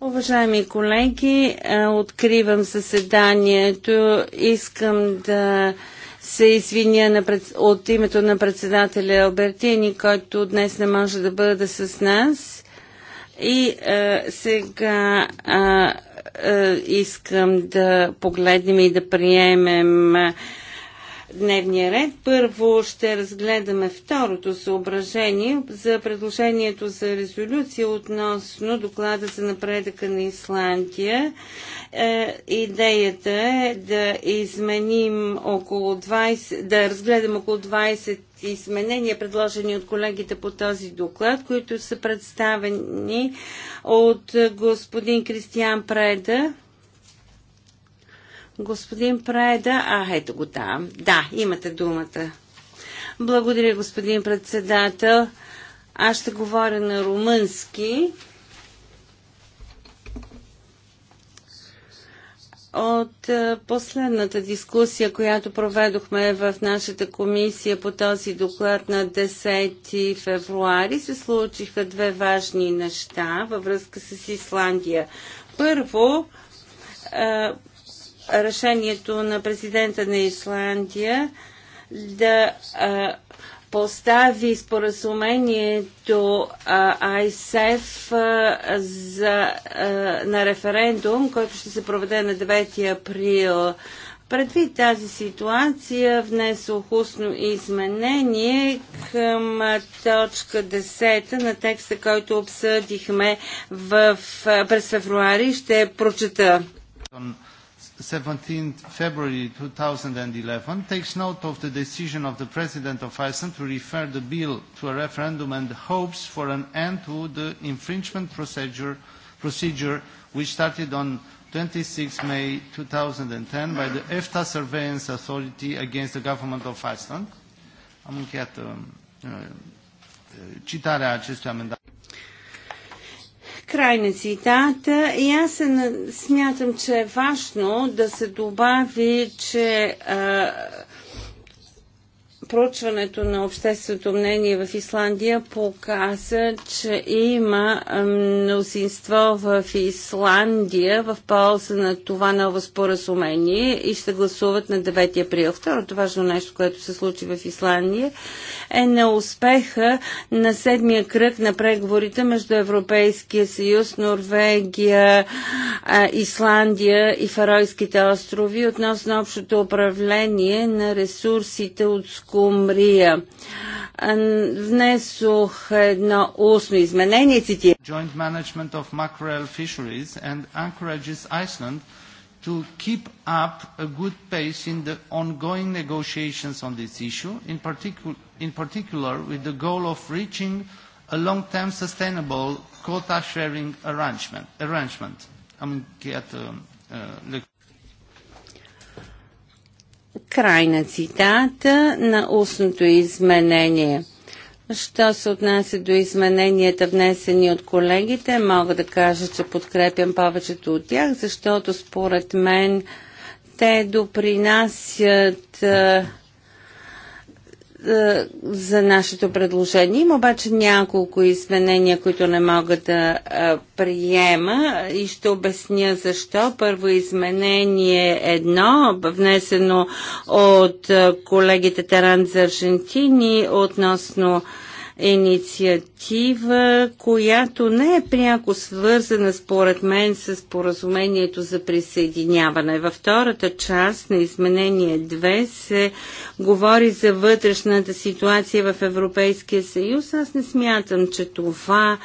Уважаеми колеги, е, откривам заседанието. Искам да се извиня от името на председателя Албертини, който днес не може да бъде с нас. И е, сега е, искам да погледнем и да приемем дневния ред. Първо ще разгледаме второто съображение за предложението за резолюция относно доклада за напредъка на Исландия. Е, идеята е да изменим около 20, да разгледам около 20 изменения, предложени от колегите по този доклад, които са представени от господин Кристиан Преда Господин Прайда, а ето го там. Да, имате думата. Благодаря, господин председател. Аз ще говоря на румънски. От е, последната дискусия, която проведохме в нашата комисия по този доклад на 10 февруари, се случиха две важни неща във връзка с Исландия. Първо, е, решението на президента на Исландия да а, постави споразумението АИСЕФ за, а, на референдум, който ще се проведе на 9 април. Предвид тази ситуация внесох устно изменение към точка 10 на текста, който обсъдихме в, през февруари. Ще прочета. 17 February 2011 takes note of the decision of the President of Iceland to refer the bill to a referendum and hopes for an end to the infringement procedure, procedure which started on 26 May 2010 by the EFTA Surveillance Authority against the Government of Iceland. Am încheiat citarea acestui amendament. Край на цитата. И аз се, смятам, че е важно да се добави, че а, проучването на общественото мнение в Исландия показа, че има мнозинство в Исландия в полза на това ново споразумение и ще гласуват на 9 април. Второто важно нещо, което се случи в Исландия е на успеха на седмия кръг на преговорите между Европейския съюз, Норвегия, Исландия и Фаройските острови относно общото управление на ресурсите от скоро скумрия. Внесох едно устно изменение, цитирам. Joint management of mackerel fisheries and encourages Iceland to keep up a good pace in the ongoing negotiations on this issue, in, particu in particular with the goal of reaching a long-term sustainable quota sharing arrangement. arrangement. Am încheiat uh, uh, Край на цитата на устното изменение. Що се отнася до измененията, внесени от колегите, мога да кажа, че подкрепям повечето от тях, защото според мен те допринасят е, за нашето предложение. Има обаче няколко изменения, които не мога да е, приема и ще обясня защо. Първо изменение едно, внесено от е, колегите Таран за Аржентини относно инициатива, която не е пряко свързана според мен с поразумението за присъединяване. Във втората част на изменение 2 се говори за вътрешната ситуация в Европейския съюз. Аз не смятам, че това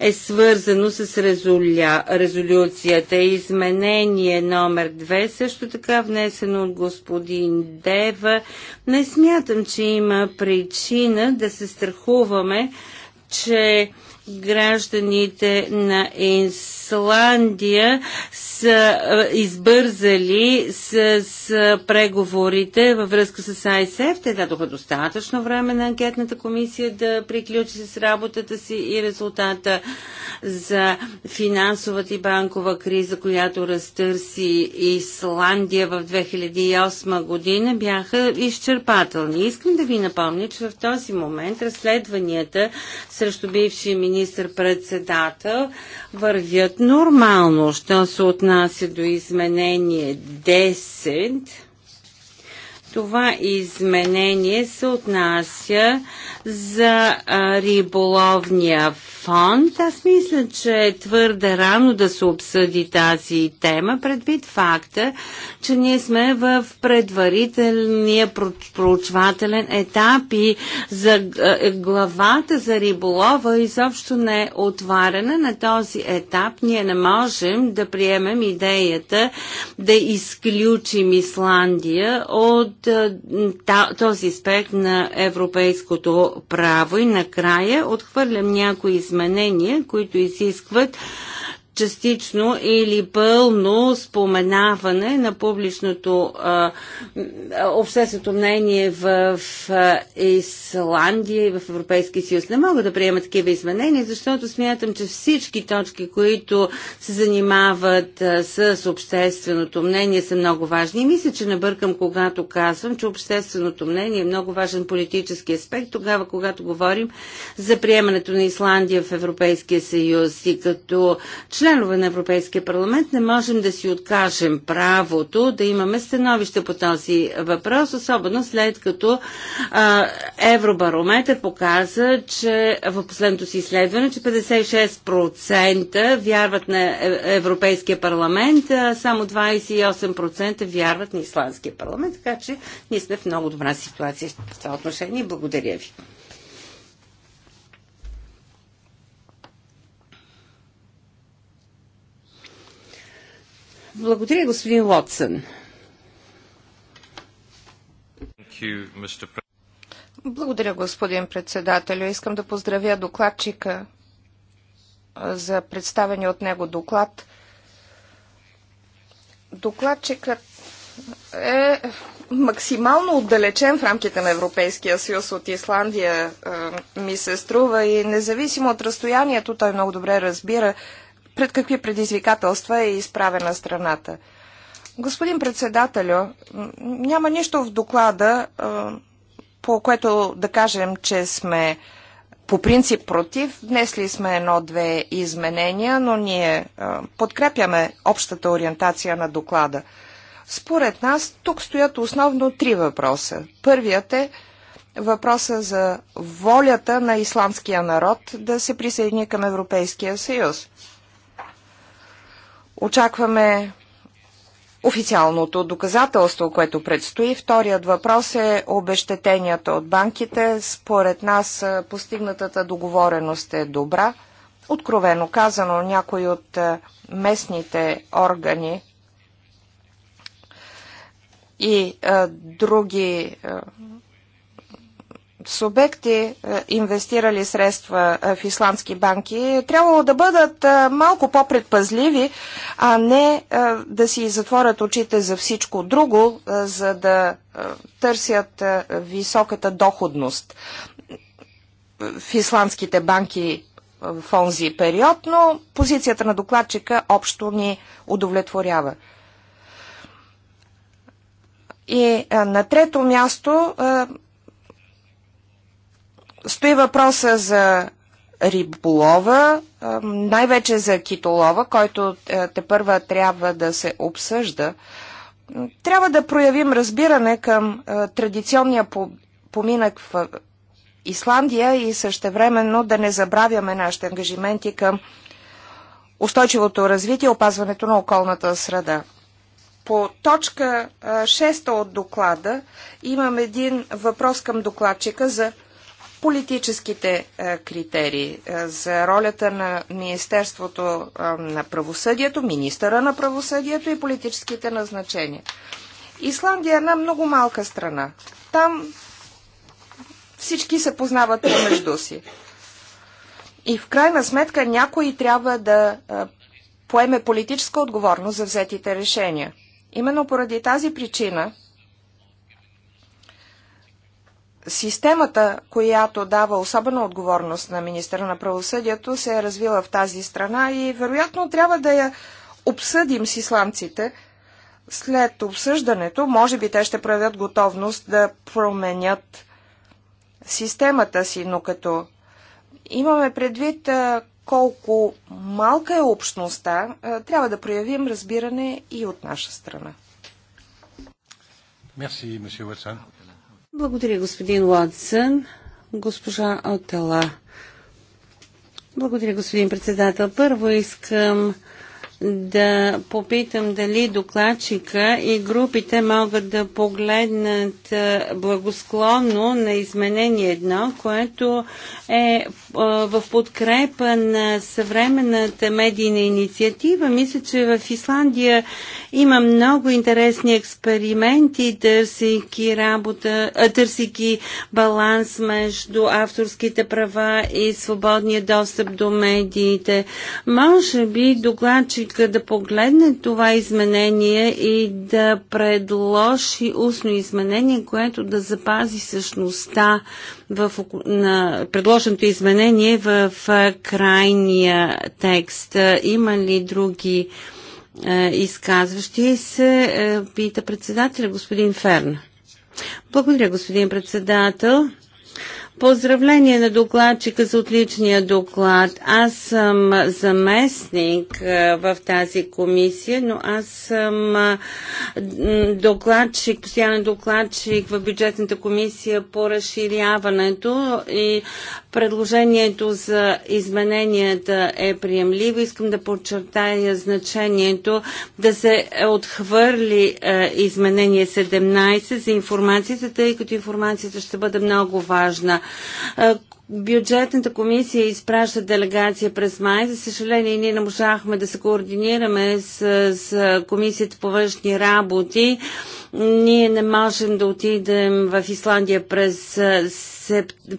е свързано с резоля... резолюцията. Изменение номер 2 също така внесено от господин Дева. Не смятам, че има причина да се страхува надяваме, че гражданите на ЕНС Исландия са е, избързали с, с преговорите във връзка с АСФ. Те дадоха достатъчно време на анкетната комисия да приключи с работата си и резултата за финансовата и банкова криза, която разтърси Исландия в 2008 година, бяха изчерпателни. Искам да ви напомня, че в този момент разследванията срещу бившия министр-председател вървят нормално, що се отнася до изменение 10. Това изменение се отнася за риболовния фонд, аз мисля, че е твърде рано да се обсъди тази тема, предвид факта, че ние сме в предварителния проучвателен етап и за е, главата за риболова изобщо не е отварена на този етап. Ние не можем да приемем идеята да изключим Исландия от този аспект на европейското право и накрая отхвърлям някои изменения, които изискват частично или пълно споменаване на публичното а, общественото мнение в, Исландия и в Европейския съюз. Не мога да приема такива изменения, защото смятам, че всички точки, които се занимават а, с общественото мнение, са много важни. И мисля, че набъркам, когато казвам, че общественото мнение е много важен политически аспект, тогава, когато говорим за приемането на Исландия в Европейския съюз и като член членове на Европейския парламент не можем да си откажем правото да имаме становище по този въпрос, особено след като а, Евробарометър показа, че в последното си изследване, че 56% вярват на е, Европейския парламент, а само 28% вярват на Исландския парламент, така че ние сме в много добра ситуация в това отношение. Благодаря ви. Благодаря, господин Лотсън. Благодаря, господин председател, Искам да поздравя докладчика за представени от него доклад. Докладчикът е максимално отдалечен в рамките на Европейския съюз от Исландия, ми се струва и независимо от разстоянието, той много добре разбира пред какви предизвикателства е изправена страната. Господин председателю, няма нищо в доклада, по което да кажем, че сме по принцип против. Внесли сме едно-две изменения, но ние подкрепяме общата ориентация на доклада. Според нас тук стоят основно три въпроса. Първият е въпроса за волята на исламския народ да се присъедини към Европейския съюз. Очакваме официалното доказателство, което предстои. Вторият въпрос е обещетенията от банките. Според нас постигнатата договореност е добра. Откровено казано, някои от местните органи и а, други а, субекти, е, инвестирали средства е, в исландски банки, трябвало да бъдат е, малко по-предпазливи, а не да си затворят очите за всичко друго, за да търсят високата доходност в исландските банки в онзи период, но позицията на докладчика общо ни удовлетворява. И на трето място стои въпроса за риболова, най-вече за китолова, който е, те първа трябва да се обсъжда. Трябва да проявим разбиране към е, традиционния поминък в е, Исландия и същевременно да не забравяме нашите ангажименти към устойчивото развитие и опазването на околната среда. По точка 6 от доклада имам един въпрос към докладчика за политическите е, критерии е, за ролята на Министерството е, на правосъдието, министъра на правосъдието и политическите назначения. Исландия е една много малка страна. Там всички се познават помежду си. И в крайна сметка някой трябва да поеме политическа отговорност за взетите решения. Именно поради тази причина Системата, която дава особена отговорност на министра на правосъдието, се е развила в тази страна и вероятно трябва да я обсъдим с исландците. След обсъждането, може би те ще проявят готовност да променят системата си, но като имаме предвид колко малка е общността, трябва да проявим разбиране и от наша страна. Мерси, месье Уотсън. Благодаря, господин Уотсън. Госпожа Отела. Благодаря, господин председател. Първо искам да попитам дали докладчика и групите могат да погледнат е, благосклонно на изменение едно, което е, е в подкрепа на съвременната медийна инициатива. Мисля, че в Исландия има много интересни експерименти, търсики работа, е, търсики баланс между авторските права и свободния достъп до медиите. Може би докладчик докладчика да погледне това изменение и да предложи устно изменение, което да запази същността в, на предложеното изменение в крайния текст. Има ли други е, изказващи се? Е, пита председателя господин Ферн. Благодаря, господин председател. Поздравление на докладчика за отличния доклад. Аз съм заместник в тази комисия, но аз съм докладчик, постоянен докладчик в бюджетната комисия по разширяването и Предложението за измененията е приемливо. Искам да подчертая значението да се отхвърли е, изменение 17 за информацията, тъй като информацията ще бъде много важна. Е, бюджетната комисия изпраща делегация през май. За съжаление, ние не можахме да се координираме с, с комисията по външни работи. Ние не можем да отидем в Исландия през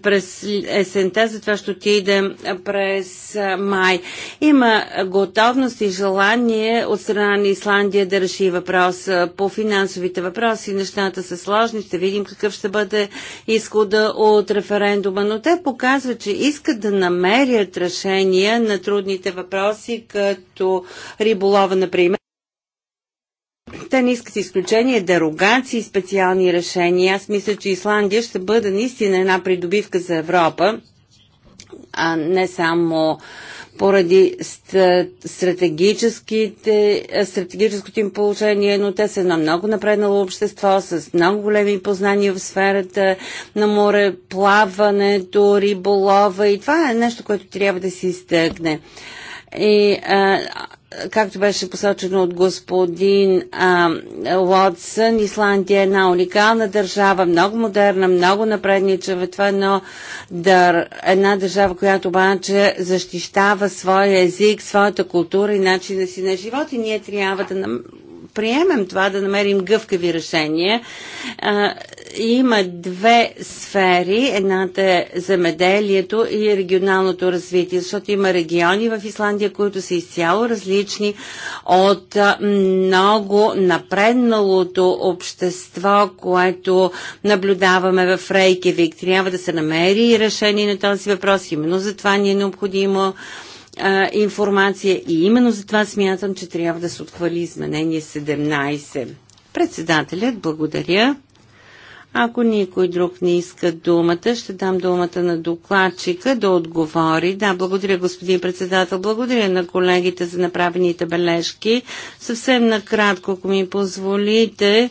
през есента, затова ще отидем през май. Има готовност и желание от страна на Исландия да реши въпрос по финансовите въпроси. Нещата са сложни, ще видим какъв ще бъде изхода от референдума, но те показват, че искат да намерят решения на трудните въпроси, като риболова, например те не искат изключение, дерогации, специални решения. Аз мисля, че Исландия ще бъде наистина една придобивка за Европа, а не само поради стратегическите, стратегическото им положение, но те са едно много напреднало общество с много големи познания в сферата на море, плаването, риболова и това е нещо, което трябва да се изтъкне. И а, както беше посочено от господин а, Уотсън, Исландия е една уникална държава, много модерна, много напредничава. Това е едно, дър, една държава, която обаче защищава своя език, своята култура и начина си на живот. И ние трябва да нам... приемем това, да намерим гъвкави решения. А, има две сфери. Едната е земеделието и регионалното развитие, защото има региони в Исландия, които са изцяло различни от много напредналото общество, което наблюдаваме в Рейкевик. Трябва да се намери решение на този въпрос. Именно за това ни е необходимо информация и именно за това смятам, че трябва да се отхвали изменение 17. Председателят, благодаря. Ако никой друг не иска думата, ще дам думата на докладчика да отговори. Да, благодаря господин председател, благодаря на колегите за направените бележки. Съвсем накратко, ако ми позволите,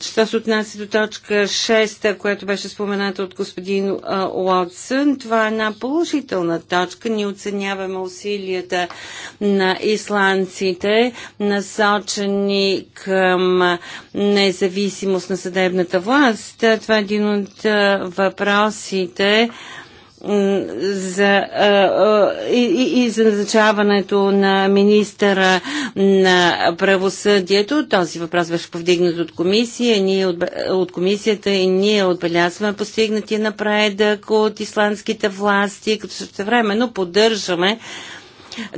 Що се отнася до точка 6, която беше спомената от господин Уотсън, това е една положителна точка. Ние оценяваме усилията на исландците, насочени към независимост на съдебната власт. Това е един от въпросите, за, и, и за назначаването на министъра на правосъдието. Този въпрос беше повдигнат от комисия, ние от, от комисията и ние отбелязваме постигнатия напредък от исландските власти, като същевременно поддържаме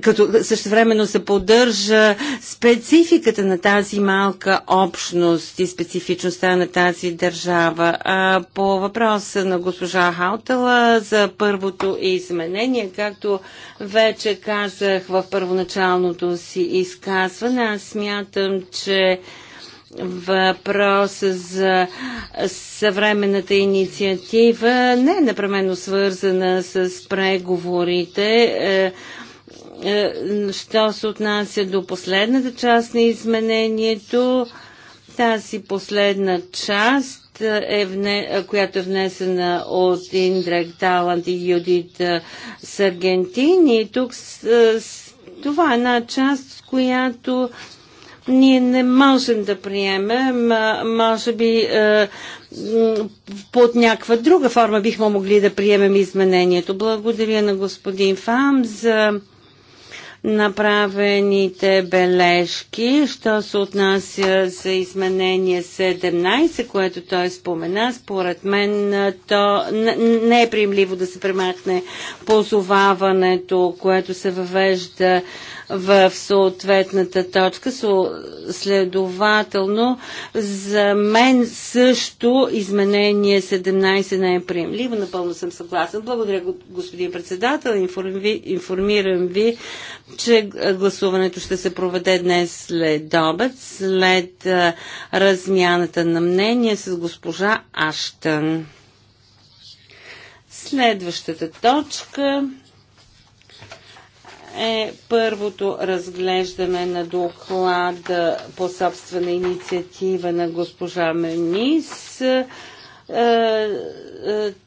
като същевременно се поддържа спецификата на тази малка общност и специфичността на тази държава. А, по въпроса на госпожа Хаутела за първото изменение, както вече казах в първоначалното си изказване, аз смятам, че въпроса за съвременната инициатива не е непременно свързана с преговорите. Е, е, що се отнася до последната част на изменението, тази последна част, е вне, която е внесена от Индрек Талант и Юдит е, Саргентини, тук с, е, с, това е една част, с която ние не можем да приемем, може би под някаква друга форма бихме могли да приемем изменението. Благодаря на господин Фам за направените бележки, що се отнася за изменение 17, което той спомена. Според мен то не е приемливо да се премахне позоваването, което се въвежда в съответната точка. Следователно, за мен също изменение 17 не е приемливо. Напълно съм съгласен. Благодаря, господин председател. информирам ви, че е, гласуването ще се проведе днес след обед, след е, размяната на мнение с госпожа Аштън. Следващата точка е първото разглеждане на доклада по собствена инициатива на госпожа Менис. Е, е,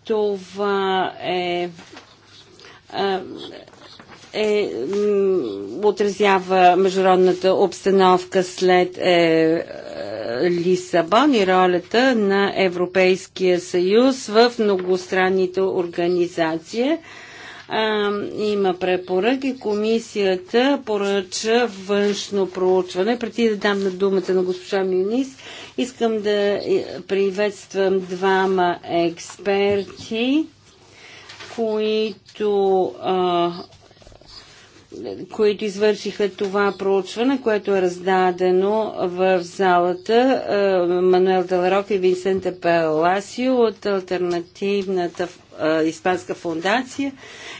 това е, е, е отразява международната обстановка след е, Лисабон и ролята на Европейския съюз в многостранните организации а, има препоръки. Комисията поръча външно проучване. Преди да дам на думата на госпожа Мюнис, искам да е, приветствам двама експерти, които а, които извършиха това проучване, което е раздадено в залата. Е, Мануел Деларок и Винсента Паласио от Альтернативната е, Испанска фундация.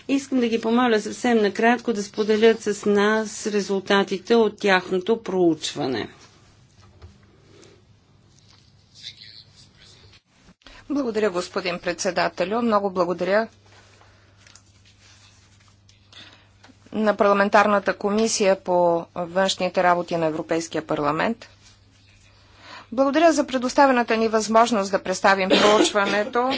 Искам да ги помоля съвсем накратко да споделят с нас резултатите от тяхното проучване. Благодаря, господин председателю. Много благодаря на парламентарната комисия по външните работи на Европейския парламент. Благодаря за предоставената ни възможност да представим проучването е,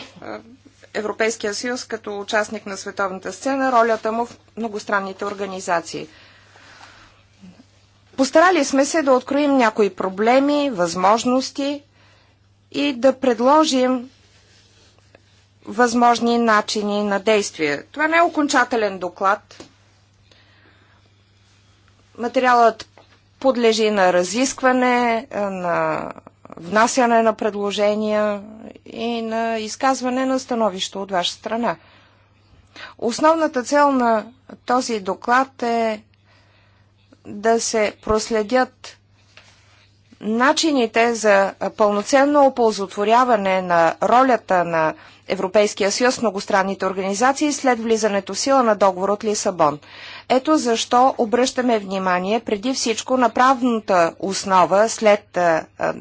Европейския съюз като участник на световната сцена, ролята му в многостранните организации. Постарали сме се да откроим някои проблеми, възможности и да предложим възможни начини на действие. Това не е окончателен доклад, Материалът подлежи на разискване, е, на внасяне на предложения и на изказване на становище от ваша страна. Основната цел на този доклад е да се проследят начините за пълноценно оползотворяване на ролята на Европейския съюз в многостранните организации след влизането в сила на договор от Лисабон. Ето защо обръщаме внимание преди всичко на правната основа след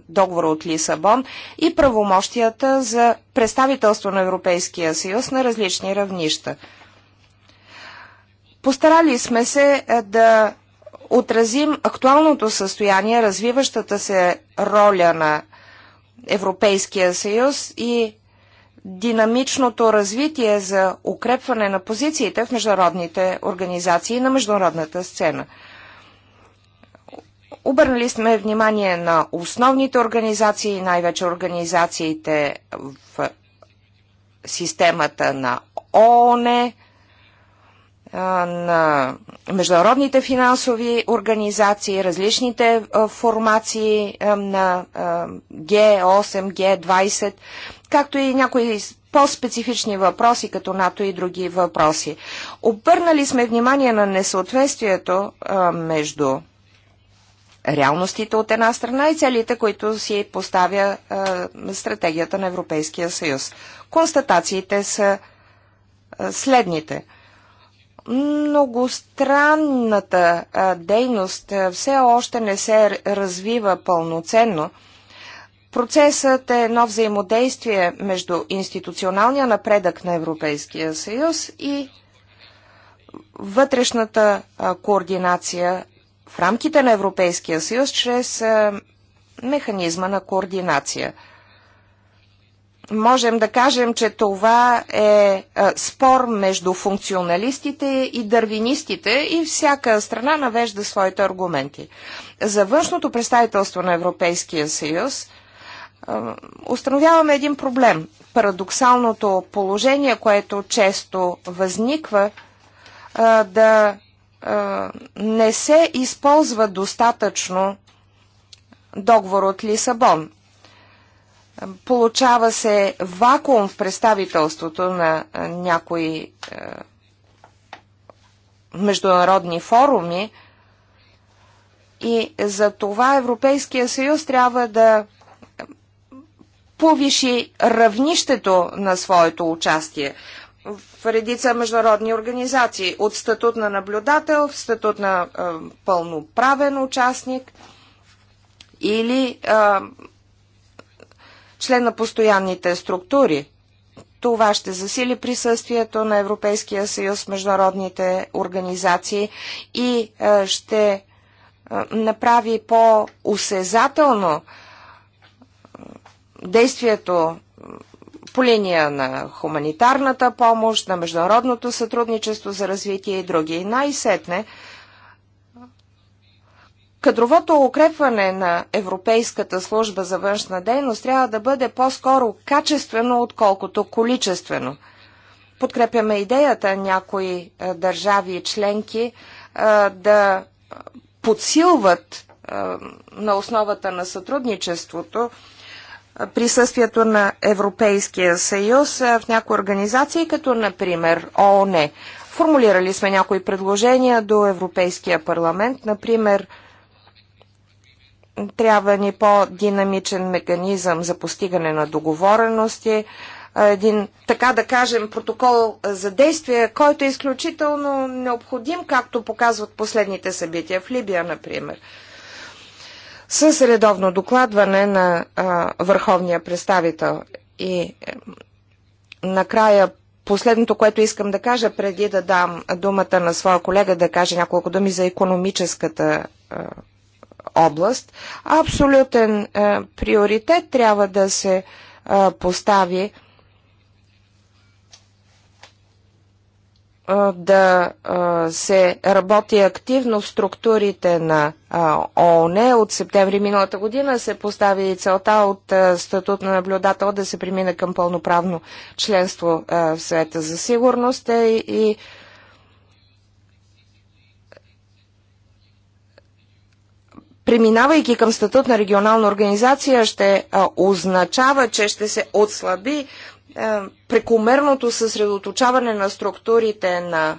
договора от Лисабон и правомощията за представителство на Европейския съюз на различни равнища. Постарали сме се да отразим актуалното състояние, развиващата се роля на Европейския съюз и динамичното развитие за укрепване на позициите в международните организации на международната сцена. Обърнали сме внимание на основните организации, най-вече организациите в системата на ООН, на международните финансови организации, различните формации на Г8, Г20 както и някои по-специфични въпроси, като НАТО и други въпроси. Обърнали сме внимание на несъответствието а, между реалностите от една страна и целите, които си поставя а, стратегията на Европейския съюз. Констатациите са а, следните. Многостранната а, дейност а, все още не се развива пълноценно. А, Процесът е едно взаимодействие между институционалния напредък на Европейския съюз и вътрешната координация в рамките на Европейския съюз чрез механизма на координация. Можем да кажем, че това е спор между функционалистите и дървинистите и всяка страна навежда своите аргументи. За външното представителство на Европейския съюз – е, установяваме един проблем. Парадоксалното положение, което често възниква, е, да е, не се използва достатъчно договор от Лисабон. Получава се вакуум в представителството на някои международни форуми и за това Европейския съюз трябва да повиши равнището на своето участие в редица международни организации. От статут на наблюдател в статут на е, пълноправен участник или е, член на постоянните структури. Това ще засили присъствието на Европейския съюз в международните организации и е, ще е, направи по-осезателно е, действието по линия на хуманитарната помощ, на международното сътрудничество за развитие и други. И най-сетне, кадровото укрепване на Европейската служба за външна дейност трябва да бъде по-скоро качествено, отколкото количествено. Подкрепяме идеята някои е, държави и членки е, да подсилват е, на основата на сътрудничеството присъствието на Европейския съюз в някои организации, като например ООН. Формулирали сме някои предложения до Европейския парламент, например трябва ни по-динамичен механизъм за постигане на договорености, един, така да кажем, протокол за действие, който е изключително необходим, както показват последните събития в Либия, например с редовно докладване на а, върховния представител. И е, накрая последното, което искам да кажа, преди да дам думата на своя колега да каже няколко думи за економическата а, е, област, абсолютен а, е, приоритет трябва да се а, е, постави да се работи активно в структурите на ООН. От септември миналата година се постави и целта от статут на наблюдател да се премине към пълноправно членство в света за сигурност е, и преминавайки към статут на регионална организация, ще означава, че ще се отслаби е, прекомерното съсредоточаване на структурите на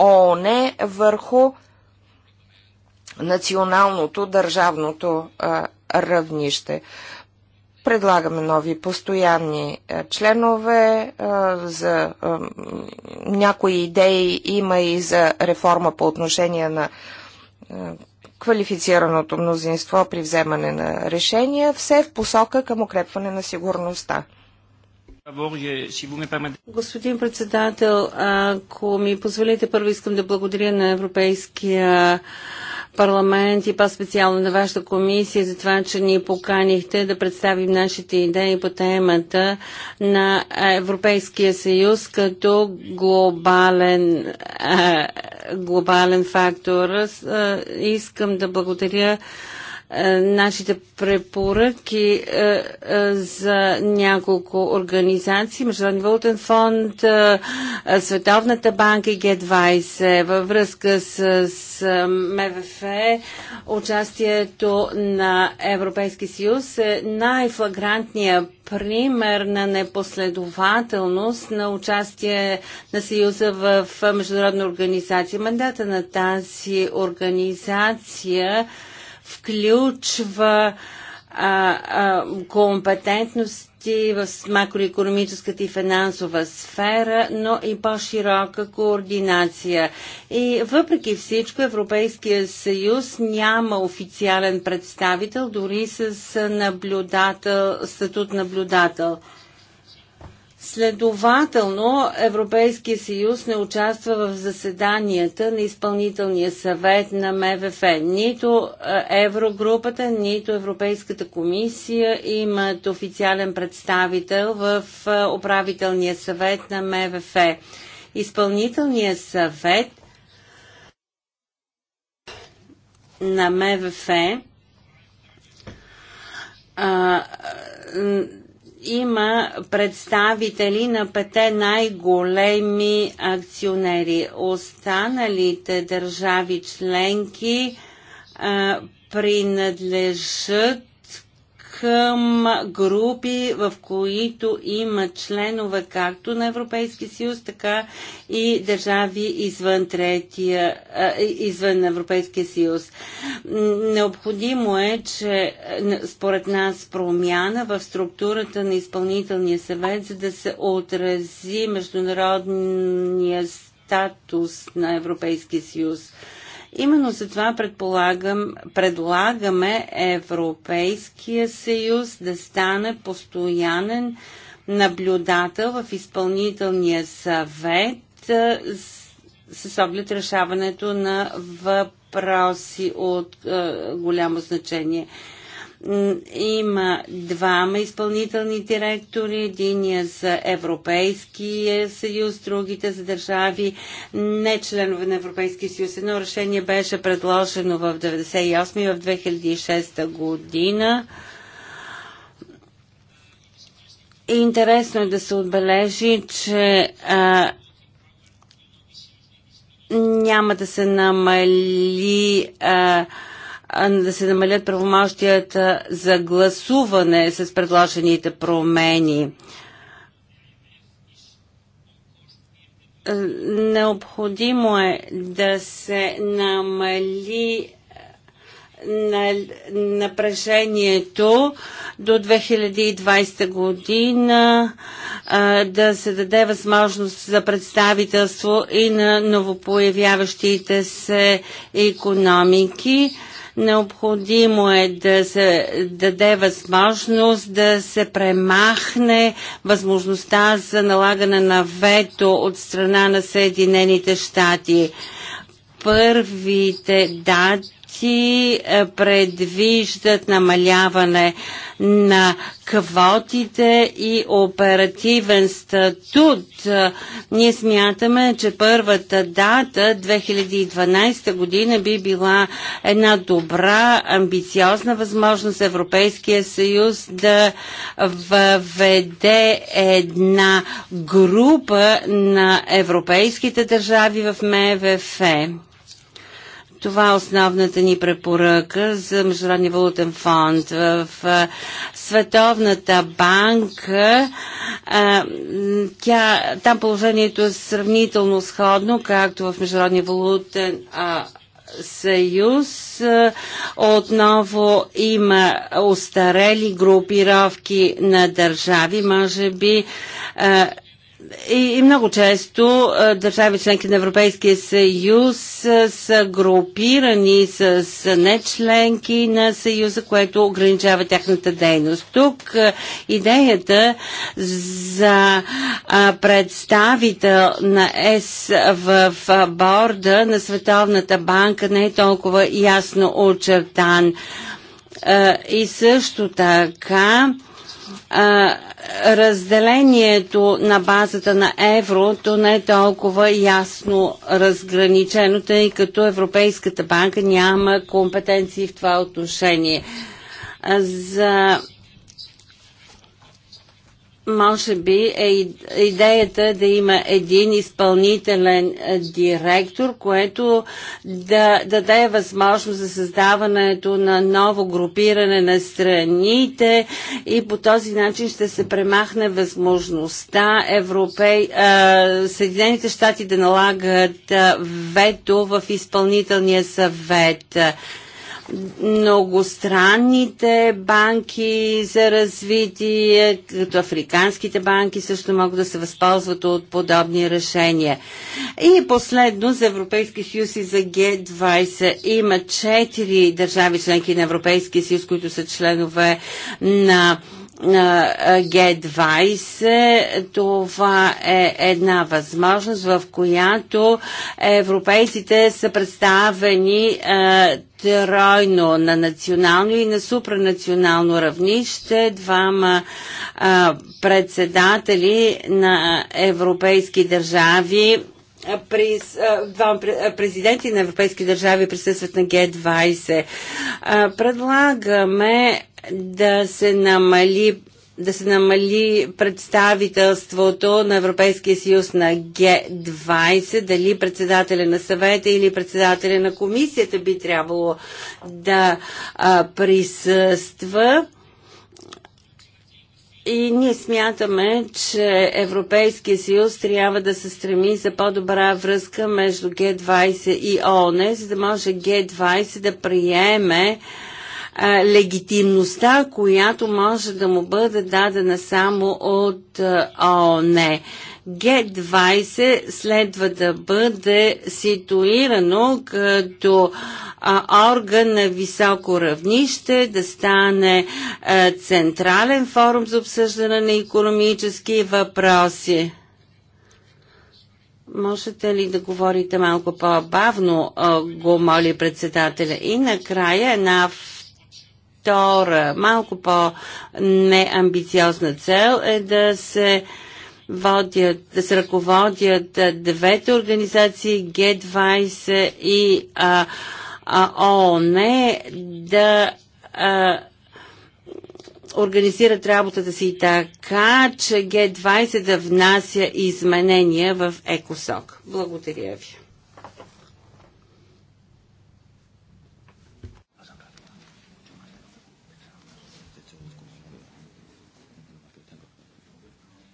ООН върху националното държавното равнище. Предлагаме нови постоянни е, членове е, за някои идеи има и за реформа по отношение на квалифицираното мнозинство при вземане на решения, все в посока към укрепване на сигурността. Господин председател, ако ми позволите, първо искам да благодаря на Европейския парламент и по-специално на вашата комисия за това, че ни поканихте да представим нашите идеи по темата на Европейския съюз като глобален, глобален фактор. Искам да благодаря е, нашите препоръки е, е, за няколко организации, Международен валутен фонд, Световната банка и Г20 във връзка с, с МВФ. Участието на Европейски съюз е най-флагрантният пример на непоследователност на участие на Съюза в международна организация. Мандата на тази организация включва а, а, компетентности в макроекономическата и финансова сфера, но и по-широка координация. И въпреки всичко Европейския съюз няма официален представител, дори с наблюдател, статут наблюдател. Следователно, Европейския съюз не участва в заседанията на изпълнителния съвет на МВФ. Нито е, Еврогрупата, нито Европейската комисия имат официален представител в е, управителния съвет на МВФ. Изпълнителният съвет на МВФ а, има представители на пете най-големи акционери. Останалите държави членки принадлежат към групи, в които има членове както на Европейски съюз, така и държави извън, третия, извън Европейския съюз. Необходимо е, че според нас промяна в структурата на изпълнителния съвет, за да се отрази международния статус на Европейския съюз. Именно за това предполагам, предлагаме Европейския съюз да стане постоянен наблюдател в изпълнителния съвет с, с оглед решаването на въпроси от е, голямо значение има двама изпълнителни директори, единия за Европейския съюз, другите за държави, не членове на Европейския съюз. Едно решение беше предложено в 1998 и в 2006 година. Интересно е да се отбележи, че а, няма да се намали а, да се намалят правомощията за гласуване с предложените промени. Необходимо е да се намали на напрежението до 2020 година да се даде възможност за представителство и на новопоявяващите се економики. Необходимо е да се даде възможност да се премахне възможността за налагане на вето от страна на Съединените щати първите дати проекти е, предвиждат намаляване на квотите и оперативен статут. Ние смятаме, че първата дата 2012 година би била една добра, амбициозна възможност Европейския съюз да въведе една група на европейските държави в МВФ. Това е основната ни препоръка за Международния валутен фонд. В Световната банка тя, там положението е сравнително сходно, както в Международния валутен съюз. Отново има остарели групировки на държави. Може би и, и много често държави членки на Европейския съюз са групирани с нечленки на съюза, което ограничава тяхната дейност. Тук идеята за представител на ЕС в борда на Световната банка не е толкова ясно очертан. И също така разделението на базата на еврото не е толкова ясно разграничено, тъй като Европейската банка няма компетенции в това отношение. За може би е идеята да има един изпълнителен е, директор, което да, даде възможност за създаването на ново групиране на страните и по този начин ще се премахне възможността Европей, е, Съединените щати да налагат е, вето в изпълнителния съвет многостранните банки за развитие, като африканските банки също могат да се възползват от подобни решения. И последно за Европейски съюз и за Г20 има четири държави членки на Европейския съюз, които са членове на г20 това е една възможност, в която европейците са представени тройно на национално и на супранационално равнище. Двама председатели на европейски държави през, двама президенти на европейски държави присъстват на Г-20. Предлагаме да се намали да се намали представителството на Европейския съюз на Г-20, дали председателя на съвета или председателя на комисията би трябвало да а, присъства и ние смятаме, че Европейския съюз трябва да се стреми за по-добра връзка между Г20 и ООН, за да може Г20 да приеме легитимността, която може да му бъде дадена само от ООН. Г20 следва да бъде ситуирано като а, орган на високо равнище, да стане а, централен форум за обсъждане на економически въпроси. Можете ли да говорите малко по-бавно, го моли председателя. И накрая една втора, малко по-неамбициозна цел е да се а, водят, да се ръководят двете организации G20 и а, а ООН да а, организират работата си така, че g 20 да внася изменения в ЕКОСОК. Благодаря ви.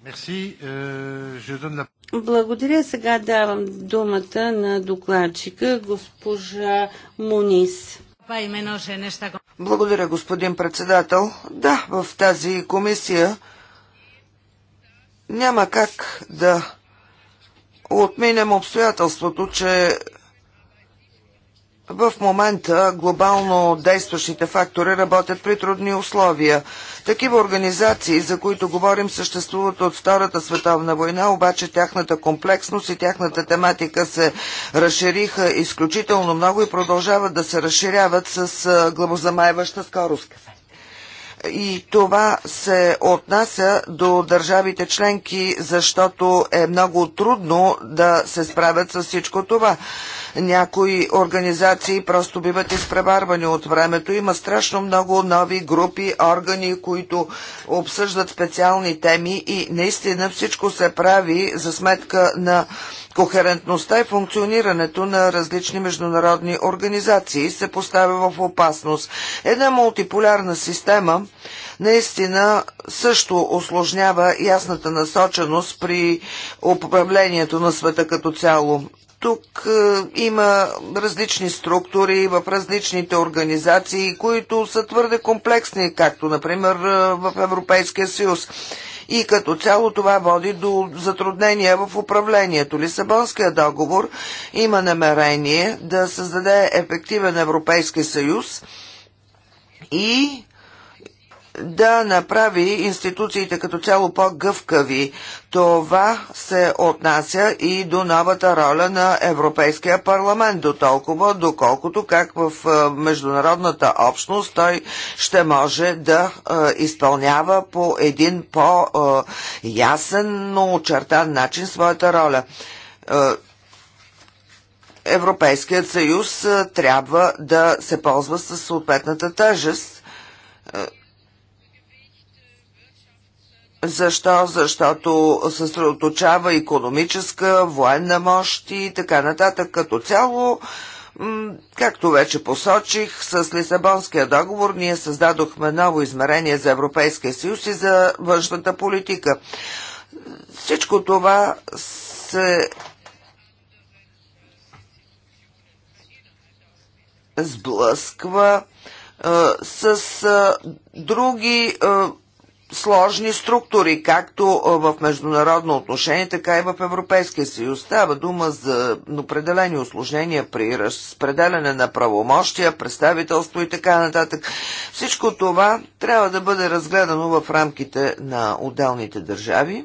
Euh, Благодаря. Сега давам думата на докладчика госпожа Мунис. Благодаря, господин председател. Да, в тази комисия няма как да отминем обстоятелството, че в момента глобално действащите фактори работят при трудни условия. Такива организации, за които говорим, съществуват от Втората световна война, обаче тяхната комплексност и тяхната тематика се разшириха изключително много и продължават да се разширяват с главозамайваща скорост и това се отнася до държавите членки, защото е много трудно да се справят с всичко това. Някои организации просто биват изпреварвани от времето. Има страшно много нови групи, органи, които обсъждат специални теми и наистина всичко се прави за сметка на Кохерентността и функционирането на различни международни организации се поставя в опасност. Една мултиполярна система наистина също осложнява ясната насоченост при управлението на света като цяло тук е, има различни структури в различните организации, които са твърде комплексни, както например е, в Европейския съюз и като цяло това води до затруднения в управлението. Лисабонския договор има намерение да създаде ефективен Европейски съюз и да направи институциите като цяло по-гъвкави. Това се отнася и до новата роля на Европейския парламент, до толкова, доколкото как в е, международната общност той ще може да е, изпълнява по един по-ясен, но очертан начин своята роля. Е, Европейският съюз трябва да се ползва с съответната тъжест Защо? Защото съсредоточава економическа, военна мощ и така нататък. Като цяло, както вече посочих, с Лисабонския договор ние създадохме ново измерение за Европейския съюз и за външната политика. Всичко това се сблъсква е, с е, други е, сложни структури, както в международно отношение, така и в Европейския съюз. Става дума за определени осложнения при разпределяне на правомощия, представителство и така нататък. Всичко това трябва да бъде разгледано в рамките на отделните държави.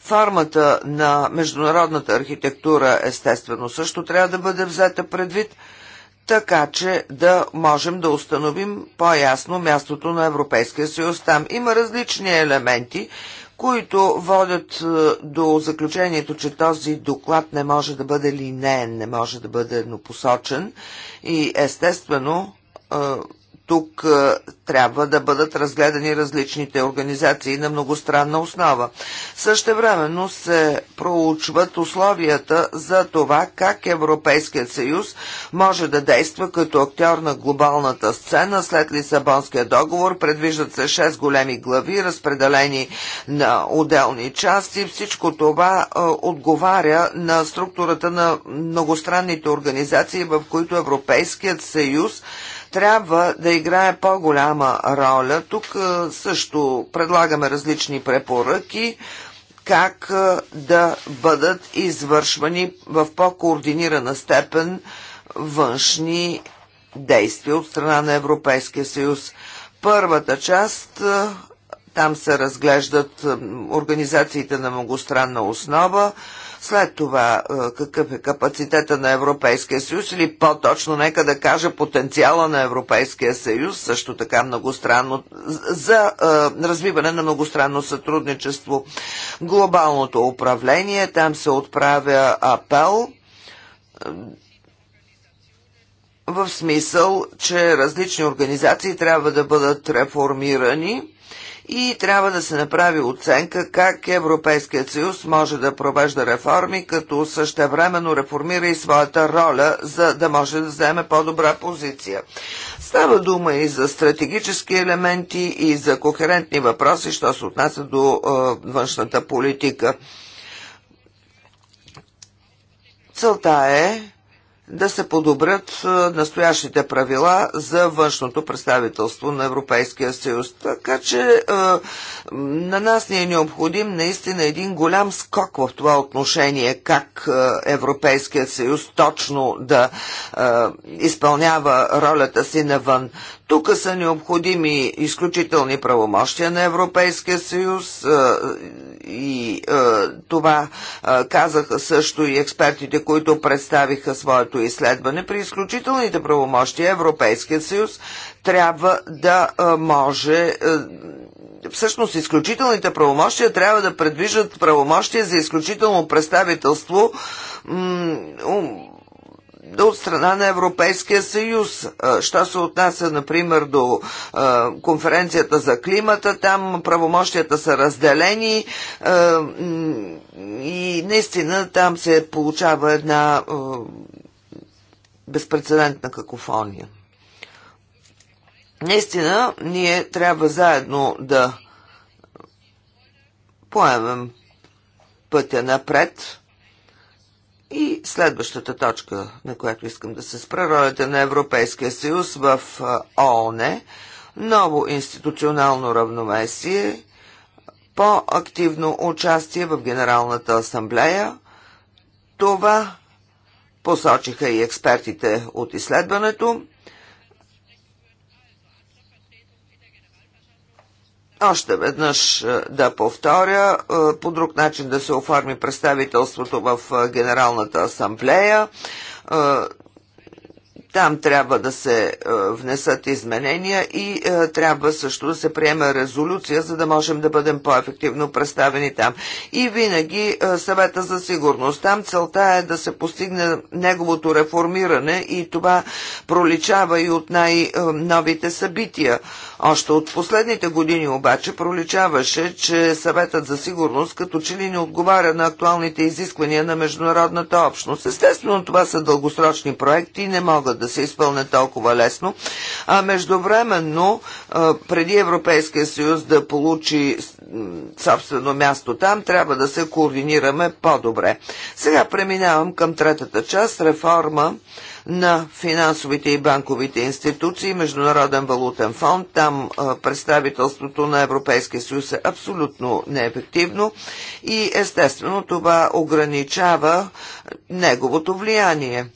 Формата на международната архитектура естествено също трябва да бъде взета предвид – така че да можем да установим по-ясно мястото на Европейския съюз там. Има различни елементи, които водят е, до заключението, че този доклад не може да бъде линеен, не може да бъде еднопосочен и естествено е, тук е, трябва да бъдат разгледани различните организации на многостранна основа. времено се проучват условията за това как Европейският съюз може да действа като актьор на глобалната сцена след Лисабонския договор. Предвиждат се 6 големи глави, разпределени на отделни части. Всичко това е, отговаря на структурата на многостранните организации, в които Европейският съюз трябва да играе по-голяма роля. Тук е, също предлагаме различни препоръки как е, да бъдат извършвани в по-координирана степен външни действия от страна на Европейския съюз. Първата част е, там се разглеждат организациите на многостранна основа, след това е, какъв е капацитета на Европейския съюз или по-точно нека да кажа потенциала на Европейския съюз, също така многостранно, за е, развиване на многостранно сътрудничество. Глобалното управление, там се отправя апел е, в смисъл, че различни организации трябва да бъдат реформирани и трябва да се направи оценка как Европейският съюз може да провежда реформи, като същевременно реформира и своята роля, за да може да вземе по-добра позиция. Става дума и за стратегически елементи и за кохерентни въпроси, що се отнася до е, външната политика. Целта е да се подобрят настоящите правила за външното представителство на Европейския съюз. Така че на нас ни е необходим наистина един голям скок в това отношение, как Европейският съюз точно да изпълнява ролята си навън. Тук са необходими изключителни правомощия на Европейския съюз и това казаха също и експертите, които представиха своето изследване. При изключителните правомощия Европейския съюз трябва да може всъщност изключителните правомощия трябва да предвижат правомощия за изключително представителство от страна на Европейския съюз. Що се отнася, например, до конференцията за климата, там правомощията са разделени и наистина там се получава една безпредседентна какофония. Наистина, ние трябва заедно да поемем пътя напред. И следващата точка, на която искам да се спра, ролята на Европейския съюз в ООН, ново институционално равновесие, по-активно участие в Генералната асамблея. Това посочиха и експертите от изследването. още веднъж е, да повторя, е, по друг начин да се оформи представителството в е, Генералната асамблея. Там трябва да се е, внесат изменения и е, трябва също да се приема резолюция, за да можем да бъдем по-ефективно представени там. И винаги е, съвета за сигурност. Там целта е да се постигне неговото реформиране и това проличава и от най-новите събития. Още от последните години обаче проличаваше, че съветът за сигурност като че ли не отговаря на актуалните изисквания на международната общност. Естествено, това са дългосрочни проекти и не могат да да се изпълнят толкова лесно. А междувременно, преди Европейския съюз да получи собствено място там, трябва да се координираме по-добре. Сега преминавам към третата част реформа на финансовите и банковите институции, Международен валутен фонд. Там представителството на Европейския съюз е абсолютно неефективно и естествено това ограничава неговото влияние.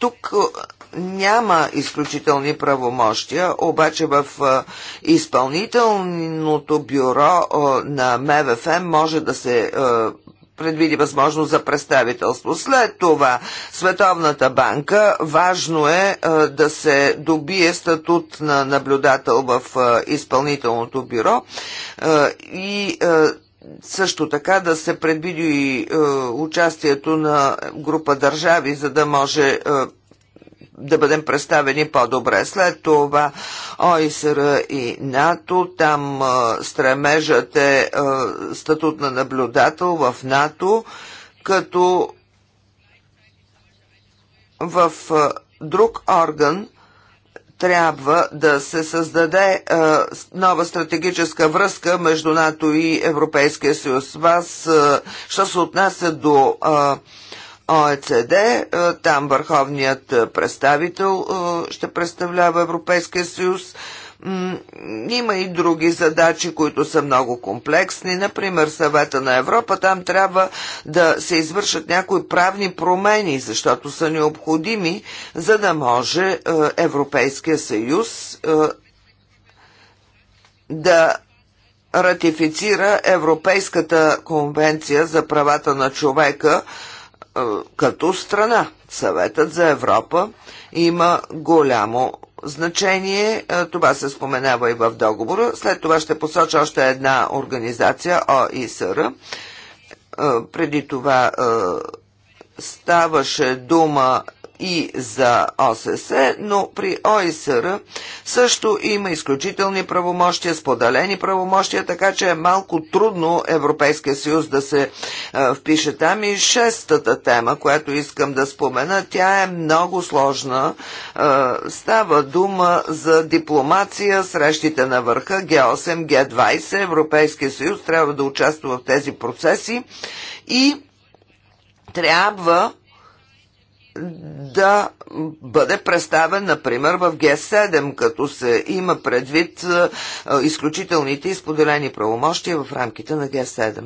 Тук няма изключителни правомощия, обаче в изпълнителното бюро на МВФ може да се предвиди възможност за представителство. След това Световната банка важно е да се добие статут на наблюдател в изпълнителното бюро и също така да се предвиди и е, участието на група държави, за да може е, да бъдем представени по-добре. След това ОИСР и НАТО, там е, стремежът е, е статут на наблюдател в НАТО, като в е, друг орган е, трябва да се създаде а, нова стратегическа връзка между НАТО и Европейския съюз. Вас, а, що се отнася до а, ОЕЦД, а, там върховният представител а, ще представлява Европейския съюз. А, има и други задачи, които са много комплексни. Например, съвета на Европа, там трябва да се извършат някои правни промени, защото са необходими, за да може е, Европейския съюз е, да ратифицира Европейската конвенция за правата на човека е, като страна. Съветът за Европа има голямо значение. Това се споменава и в договора. След това ще посоча още една организация, ОИСР. Преди това ставаше дума и за ОССЕ, но при ОИСР също има изключителни правомощия, споделени правомощия, така че е малко трудно Европейския съюз да се впише там. И шестата тема, която искам да спомена, тя е много сложна. става дума за дипломация, срещите на върха, Г8, Г20. Европейския съюз трябва да участва в тези процеси и трябва да бъде представен, например, в Г7, като се има предвид е, е, изключителните изподелени правомощия в рамките на Г7.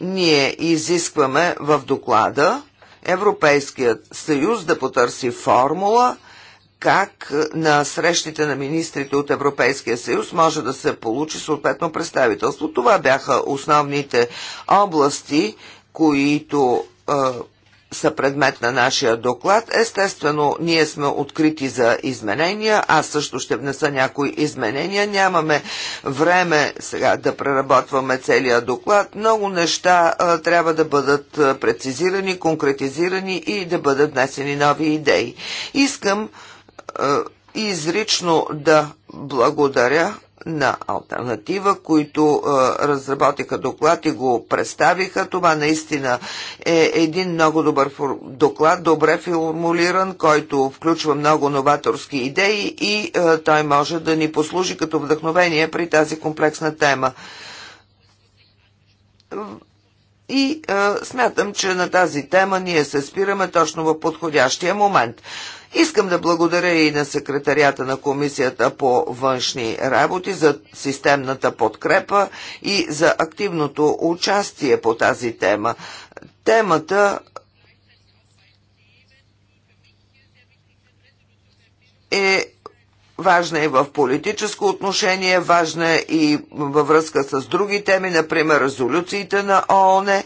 Ние изискваме в доклада Европейският съюз да потърси формула – как е, на срещите на министрите от Европейския съюз може да се получи съответно представителство. Това бяха основните области, които е, са предмет на нашия доклад. Естествено, ние сме открити за изменения. Аз също ще внеса някои изменения. Нямаме време сега да преработваме целия доклад. Много неща а, трябва да бъдат прецизирани, конкретизирани и да бъдат внесени нови идеи. Искам а, изрично да благодаря на альтернатива, които е, разработиха доклад и го представиха. Това наистина е един много добър доклад, добре формулиран, който включва много новаторски идеи и е, той може да ни послужи като вдъхновение при тази комплексна тема. И е, смятам, че на тази тема ние се спираме точно в подходящия момент. Искам да благодаря и на секретарията на Комисията по външни работи за системната подкрепа и за активното участие по тази тема. Темата е важна и в политическо отношение, важна е и във връзка с други теми, например резолюциите на ООН,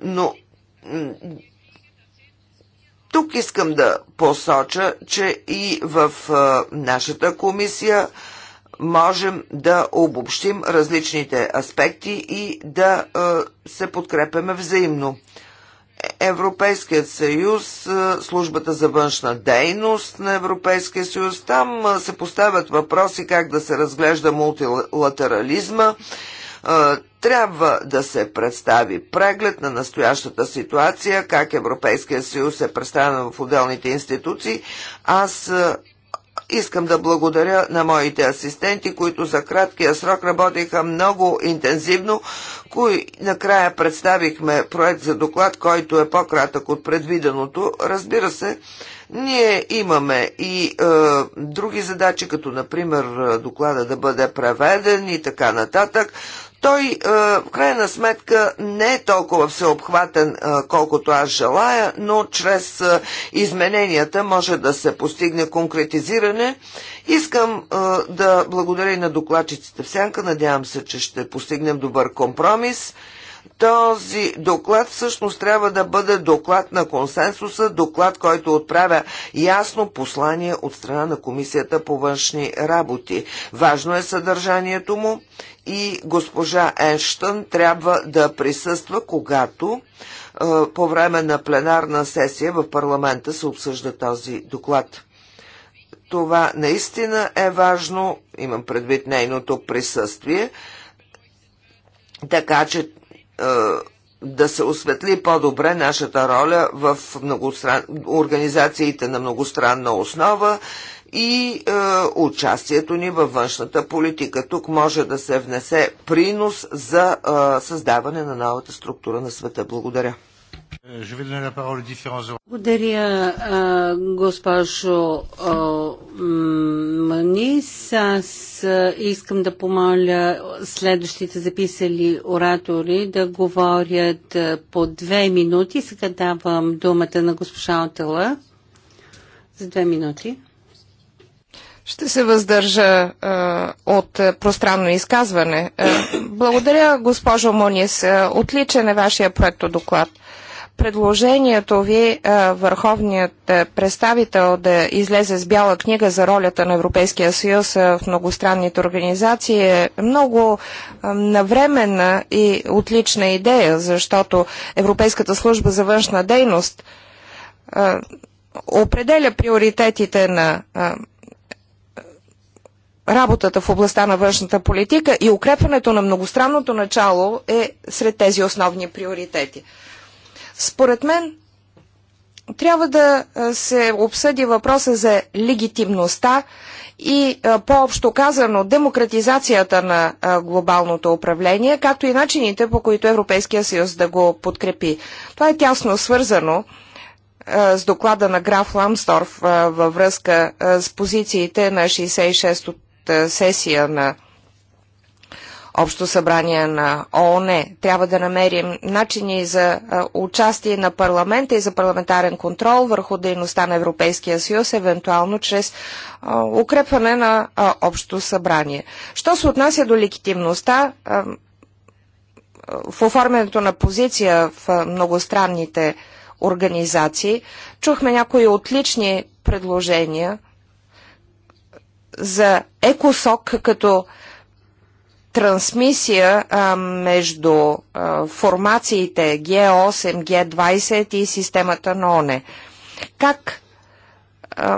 но тук искам да посоча, че и в нашата комисия можем да обобщим различните аспекти и да се подкрепяме взаимно. Европейският съюз, службата за външна дейност на Европейския съюз, там се поставят въпроси как да се разглежда мултилатерализма трябва да се представи преглед на настоящата ситуация, как Европейския съюз е представен в отделните институции. Аз Искам да благодаря на моите асистенти, които за краткия срок работиха много интензивно, кои накрая представихме проект за доклад, който е по-кратък от предвиденото. Разбира се, ние имаме и е, други задачи, като например доклада да бъде преведен и така нататък, той е, в крайна сметка не е толкова всеобхватен, е, колкото аз желая, но чрез е, измененията може да се постигне конкретизиране. Искам да благодаря и на докладчиците в сянка. Надявам се, че ще постигнем добър компромис. Този доклад всъщност трябва да бъде доклад на консенсуса, доклад, който отправя ясно послание от страна на Комисията по външни работи. Важно е съдържанието му и госпожа Енштън трябва да присъства, когато е, по време на пленарна сесия в парламента се обсъжда този доклад. Това наистина е важно, имам предвид нейното присъствие, така че е, да се осветли по-добре нашата роля в многостран... организациите на многостранна основа и е, участието ни във външната политика. Тук може да се внесе принос за е, създаване на новата структура на света. Благодаря. Благодаря, е, госпожо Тунис. Аз искам да помоля следващите записали оратори да говорят по две минути. Сега давам думата на госпожа Отела за две минути. Ще се въздържа а, от пространно изказване. А, благодаря, госпожо Мунис. Отличен е вашия проектодоклад. доклад предложението ви върховният е, представител да излезе с бяла книга за ролята на Европейския съюз в многостранните организации е много навременна и отлична идея, защото Европейската служба за външна дейност определя приоритетите на работата в областта на външната политика и укрепването на многостранното начало е сред тези основни приоритети. Според мен трябва да се обсъди въпроса за легитимността и по-общо казано демократизацията на глобалното управление, както и начините по които Европейския съюз да го подкрепи. Това е тясно свързано с доклада на граф Ламсторф във връзка с позициите на 66-та сесия на Общо събрание на ООН. Трябва да намерим начини за участие на парламента и за парламентарен контрол върху дейността на Европейския съюз, евентуално чрез укрепване на Общо събрание. Що се отнася до легитимността, в оформянето на позиция в многостранните организации. Чухме някои отлични предложения за ЕКОСОК като трансмисия а, между а, формациите г 8 г 20 и системата на ОНЕ. Как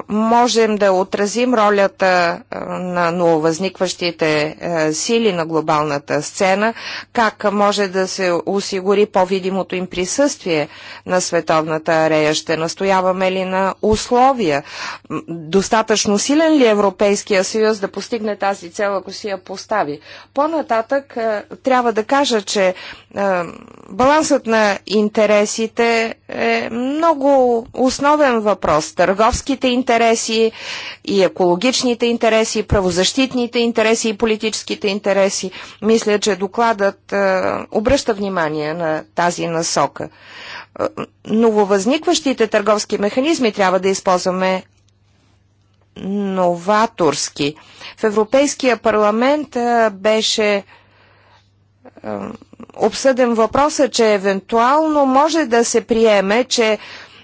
можем да отразим ролята на нововъзникващите сили на глобалната сцена, как може да се осигури по-видимото им присъствие на световната арея, ще настояваме ли на условия, достатъчно силен ли е Европейския съюз да постигне тази цел, ако си я постави. По-нататък трябва да кажа, че е, балансът на интересите е много основен въпрос. Търговските интереси и екологичните интереси, и правозащитните интереси и политическите интереси. Мисля, че докладът е, обръща внимание на тази насока. Е, нововъзникващите търговски механизми трябва да използваме новаторски. В Европейския парламент беше обсъден въпроса, че евентуално може да се приеме, че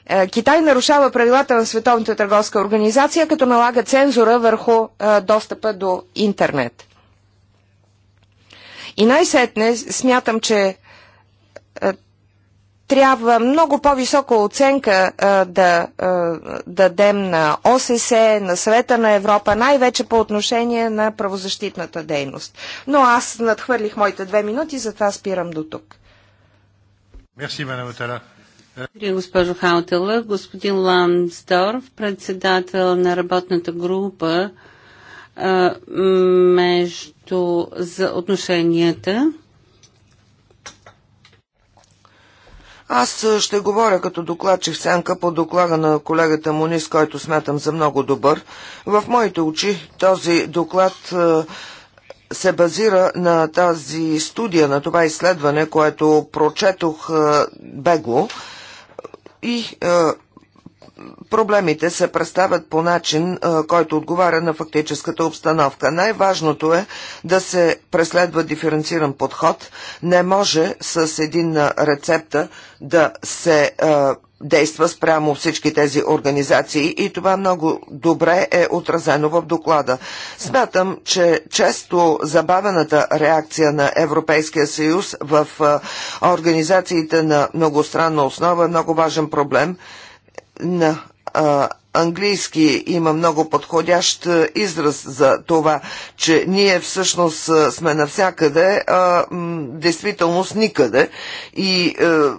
е, Китай нарушава правилата на Световната търговска организация, като налага цензура върху е, достъпа до интернет. И най-сетне смятам, че е, трябва много по-висока оценка а, да а, дадем на ОССЕ, на Съвета на Европа, най-вече по отношение на правозащитната дейност. Но аз надхвърлих моите две минути, затова спирам до тук. Мерси, Благодаря, госпожо Хаутела. Господин Ландсдорф, председател на работната група а, между за отношенията Аз ще говоря като докладчик Сянка по доклада на колегата Монис, който смятам за много добър. В моите очи този доклад се базира на тази студия, на това изследване, което прочетох бегло и Проблемите се представят по начин, който отговаря на фактическата обстановка. Най-важното е да се преследва диференциран подход. Не може с един рецепта да се действа спрямо всички тези организации и това много добре е отразено в доклада. Смятам, че често забавената реакция на Европейския съюз в организациите на многостранна основа е много важен проблем – на а, английски има много подходящ израз за това, че ние всъщност сме навсякъде, а действителност никъде. И а,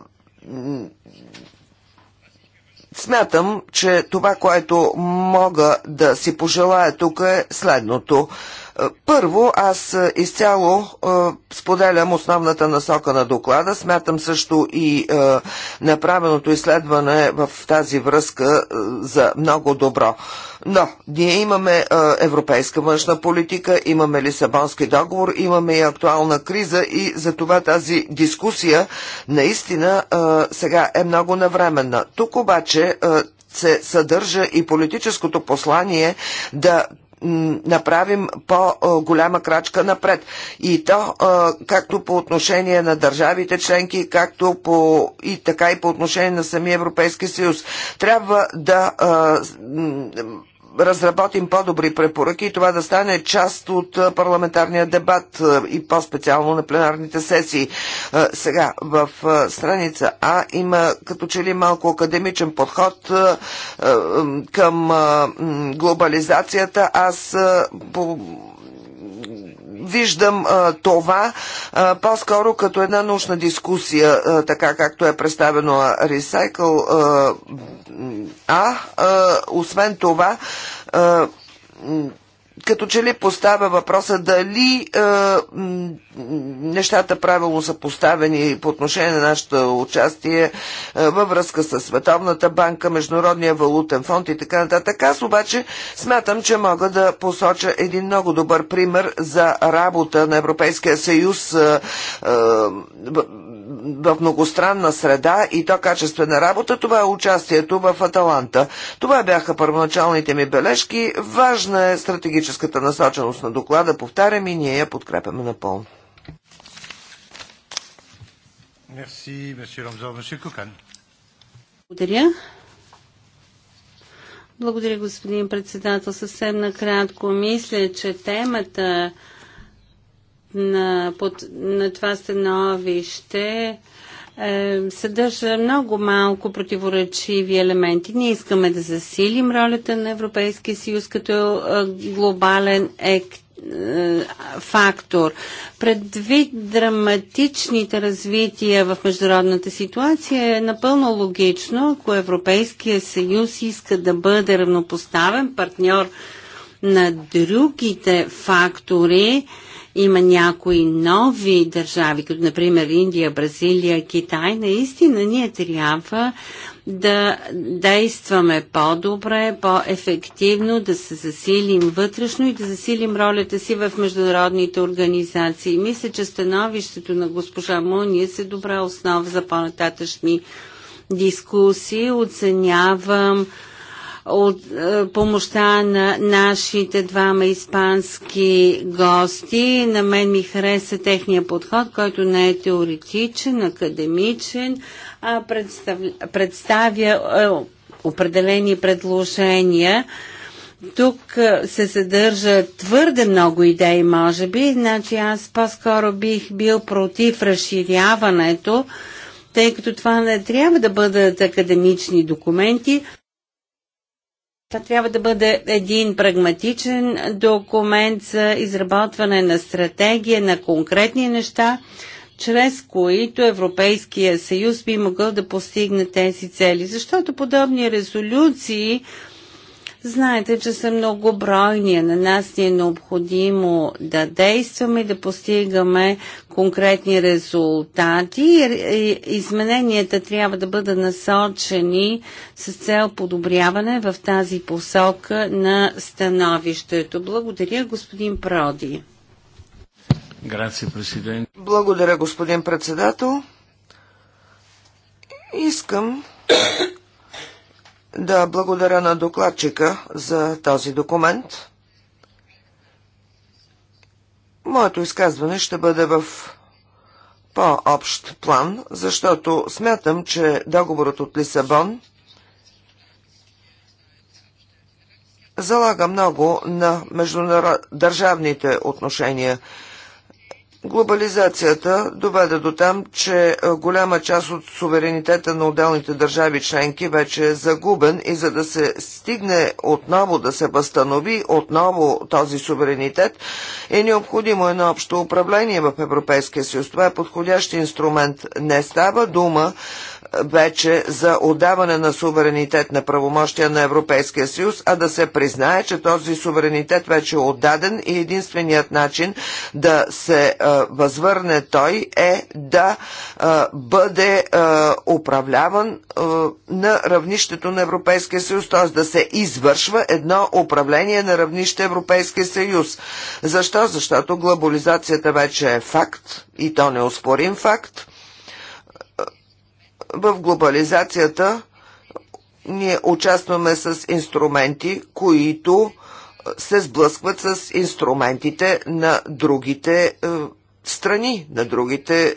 смятам, че това, което мога да си пожелая тук е следното. А, първо, аз изцяло споделям основната насока на доклада. Смятам също и направеното изследване в тази връзка за много добро. Но ние имаме европейска външна политика, имаме Лисабонски договор, имаме и актуална криза и за това тази дискусия наистина сега е много навременна. Тук обаче се съдържа и политическото послание да направим по-голяма крачка напред. И то както по отношение на държавите членки, както по, и така и по отношение на самия Европейски съюз. Трябва да разработим по-добри препоръки и това да стане част от парламентарния дебат и по-специално на пленарните сесии. Сега, в страница А има като че ли малко академичен подход към глобализацията. Аз по виждам а, това а, по-скоро като една научна дискусия, а, така както е представено Recycle А. а освен това, като че ли поставя въпроса дали е, нещата правилно са поставени по отношение на нашето участие е, във връзка с Световната банка, Международния валутен фонд и така нататък. Аз обаче смятам, че мога да посоча един много добър пример за работа на Европейския съюз е, е, в многостранна среда и то качествена работа, това е участието в Аталанта. Това бяха първоначалните ми бележки. Важна е стратегическата насоченост на доклада, повтарям и ние я подкрепяме напълно. Мерси, Кукан. Благодаря. Благодаря, господин председател. Съвсем накратко мисля, че темата на, под, на това становище е, съдържа много малко противоречиви елементи. Ние искаме да засилим ролята на Европейския съюз като е, глобален е, фактор. Предвид драматичните развития в международната ситуация е напълно логично, ако Европейския съюз иска да бъде равнопоставен партньор на другите фактори, има някои нови държави, като например Индия, Бразилия, Китай. Наистина ние трябва да действаме по-добре, по-ефективно, да се засилим вътрешно и да засилим ролята си в международните организации. Мисля, че становището на госпожа Муния се добра основа за по-нататъчни дискусии. Оценявам от е, помощта на нашите двама испански гости. На мен ми хареса техния подход, който не е теоретичен, академичен, а представ, представя е, определени предложения. Тук е, се съдържа твърде много идеи, може би, значи аз по-скоро бих бил против разширяването, тъй като това не трябва да бъдат академични документи, това трябва да бъде един прагматичен документ за изработване на стратегия на конкретни неща, чрез които Европейския съюз би могъл да постигне тези цели. Защото подобни резолюции Знаете, че са многобройни. На нас ни е необходимо да действаме и да постигаме конкретни резултати. Измененията трябва да бъдат насочени с цел подобряване в тази посока на становището. Благодаря, господин Проди. Благодаря, господин председател. Искам да благодаря на докладчика за този документ. Моето изказване ще бъде в по-общ план, защото смятам, че договорът от Лисабон залага много на междудържавните отношения. Глобализацията доведе до там, че е, голяма част от суверенитета на отделните държави членки вече е загубен и за да се стигне отново да се възстанови отново този суверенитет, е необходимо едно общо управление в Европейския съюз. Това е подходящ инструмент. Не става дума вече за отдаване на суверенитет на правомощия на Европейския съюз, а да се признае, че този суверенитет вече е отдаден и единственият начин да се а, е, възвърне той е да а, е, бъде а, е, управляван на равнището на Европейския съюз, т.е. да се извършва едно управление на равнище Европейския съюз. Защо? Защото глобализацията вече е факт и то неоспорим факт в глобализацията ние участваме с инструменти, които е, се сблъскват с инструментите на другите е, страни, на другите е,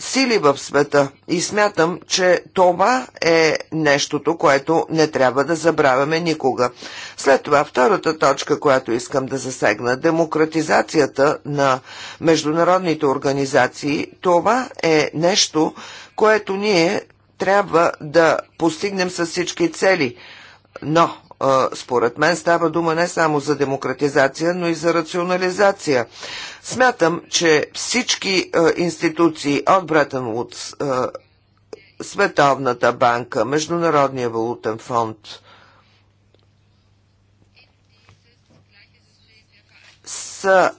сили в света. И смятам, че това е нещото, което не трябва да забравяме никога. След това втората точка, която искам да засегна, демократизацията на международните организации, това е нещо, което ние трябва да постигнем с всички цели. Но според мен става дума не само за демократизация, но и за рационализация. Смятам, че всички институции от Бретън Вудс, Световната банка, Международния валутен фонд, са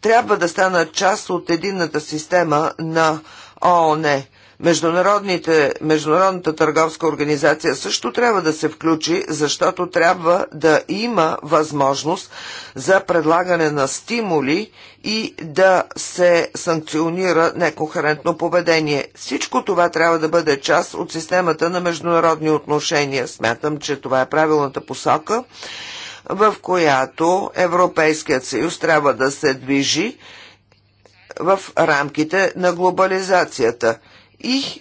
трябва да станат част от единната система на ООН. Международната търговска организация също трябва да се включи, защото трябва да има възможност за предлагане на стимули и да се санкционира некохерентно поведение. Всичко това трябва да бъде част от системата на международни отношения. Смятам, че това е правилната посока, в която Европейският съюз трябва да се движи в рамките на глобализацията и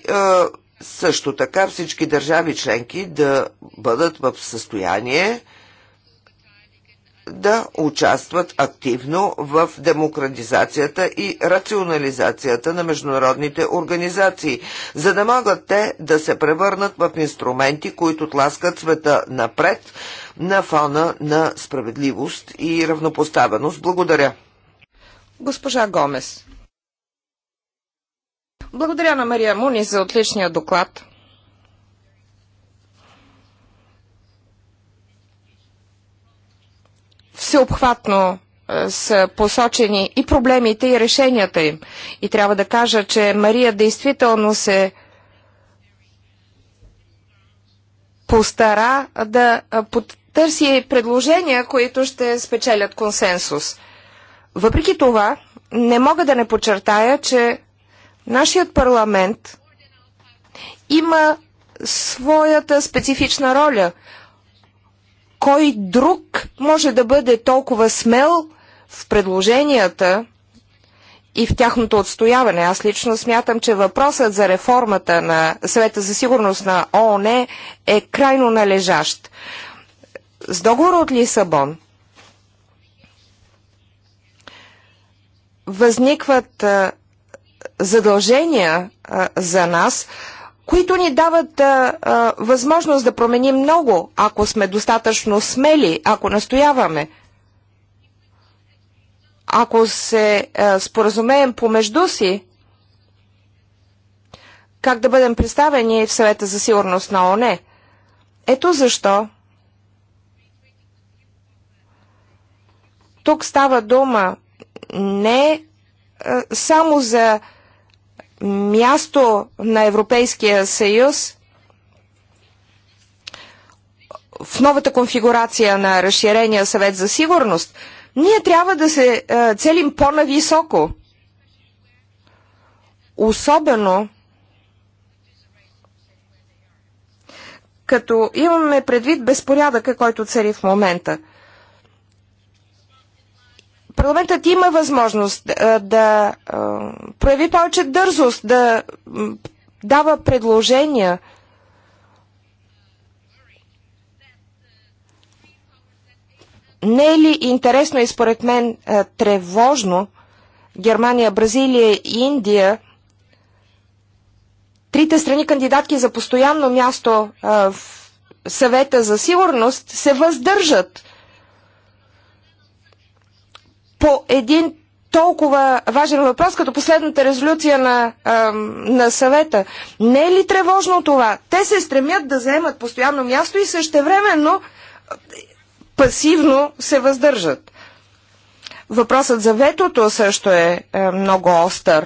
също така всички държави членки да бъдат в състояние да участват активно в демократизацията и рационализацията на международните организации, за да могат те да се превърнат в инструменти, които тласкат света напред на фона на справедливост и равнопоставеност. Благодаря. Госпожа Гомес. Благодаря на Мария Муни за отличния доклад. Всеобхватно е, са посочени и проблемите, и решенията им. И трябва да кажа, че Мария действително се постара да е, потърси предложения, които ще спечелят консенсус. Въпреки това, не мога да не подчертая, че Нашият парламент има своята специфична роля. Кой друг може да бъде толкова смел в предложенията и в тяхното отстояване? Аз лично смятам, че въпросът за реформата на Съвета за сигурност на ООН е крайно належащ. С договора от Лисабон възникват задължения а, за нас, които ни дават а, а, възможност да променим много, ако сме достатъчно смели, ако настояваме. Ако се а, споразумеем помежду си, как да бъдем представени в съвета за сигурност на ОНЕ. Ето защо тук става дума не само за място на Европейския съюз в новата конфигурация на разширения съвет за сигурност, ние трябва да се целим по-нависоко. Особено като имаме предвид безпорядъка, който цари в момента – Парламентът има възможност да прояви повече дързост, да дава предложения. Не е ли интересно и според мен тревожно Германия, Бразилия и Индия, трите страни кандидатки за постоянно място в съвета за сигурност, се въздържат по един толкова важен въпрос, като последната резолюция на, на съвета. Не е ли тревожно това? Те се стремят да заемат постоянно място и същевременно пасивно се въздържат. Въпросът за ветото също е, е много остър.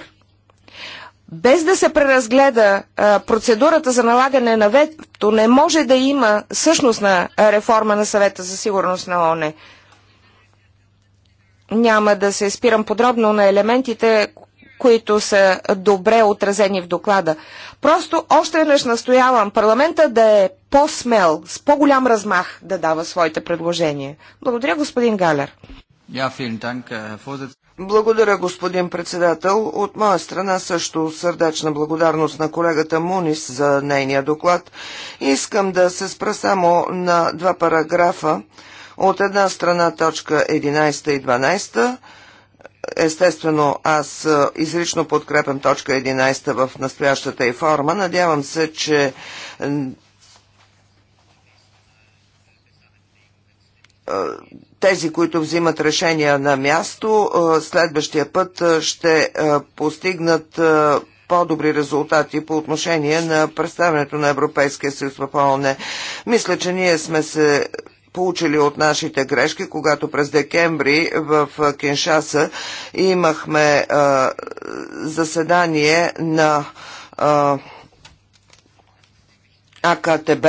Без да се преразгледа е, процедурата за налагане на вето, не може да има същностна реформа на съвета за сигурност на ОНЕ. Няма да се спирам подробно на елементите, които са добре отразени в доклада. Просто още веднъж настоявам парламента да е по-смел, с по-голям размах да дава своите предложения. Благодаря, господин Галер. Благодаря, господин председател. От моя страна също сърдечна благодарност на колегата Мунис за нейния доклад. Искам да се спра само на два параграфа от една страна точка 11 и 12 Естествено, аз е, изрично подкрепям точка 11 в настоящата и форма. Надявам се, че е, тези, които взимат решения на място, е, следващия път ще постигнат по-добри резултати по отношение на представянето на Европейския съюз в ООН. Мисля, че ние сме се получили от нашите грешки, когато през декември в Киншаса имахме а, заседание на а, АКТБ.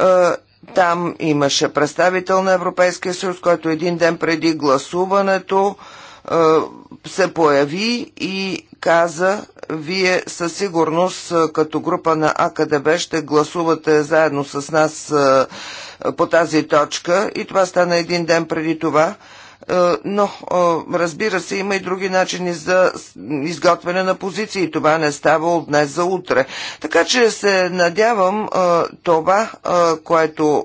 А, там имаше представител на Европейския съюз, който един ден преди гласуването а, се появи и каза, вие със сигурност като група на АКДБ ще гласувате заедно с нас по тази точка и това стана един ден преди това. Е, но е, разбира се, има и други начини за изготвяне на позиции. Това не става от днес за утре. Така че се надявам е, това, което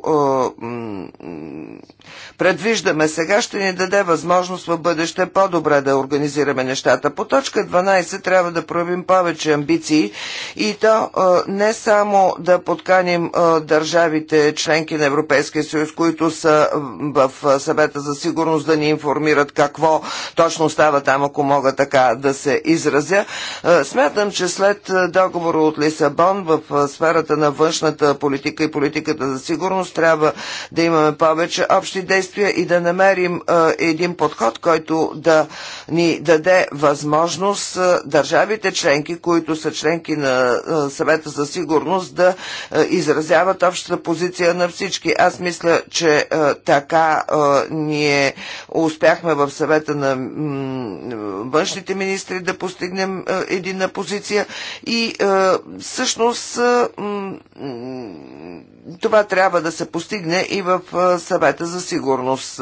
предвиждаме сега, ще ни даде възможност в бъдеще по-добре да организираме нещата. По точка 12 трябва да проявим повече амбиции и то не само да подканим държавите членки на Европейския съюз, които са в съвета за сигурност да ни ни информират какво точно става там, ако мога така да се изразя. Е, смятам, че след е, договора от Лисабон в е, сферата на външната политика и политиката за сигурност трябва да имаме повече общи действия и да намерим един подход, който да ни даде възможност държавите членки, които са членки на съвета за сигурност, да изразяват общата позиция на всички. Аз мисля, че така ние успяхме в съвета на външните министри да постигнем е, едина позиция и е, всъщност е, това трябва да се постигне и в съвета за сигурност.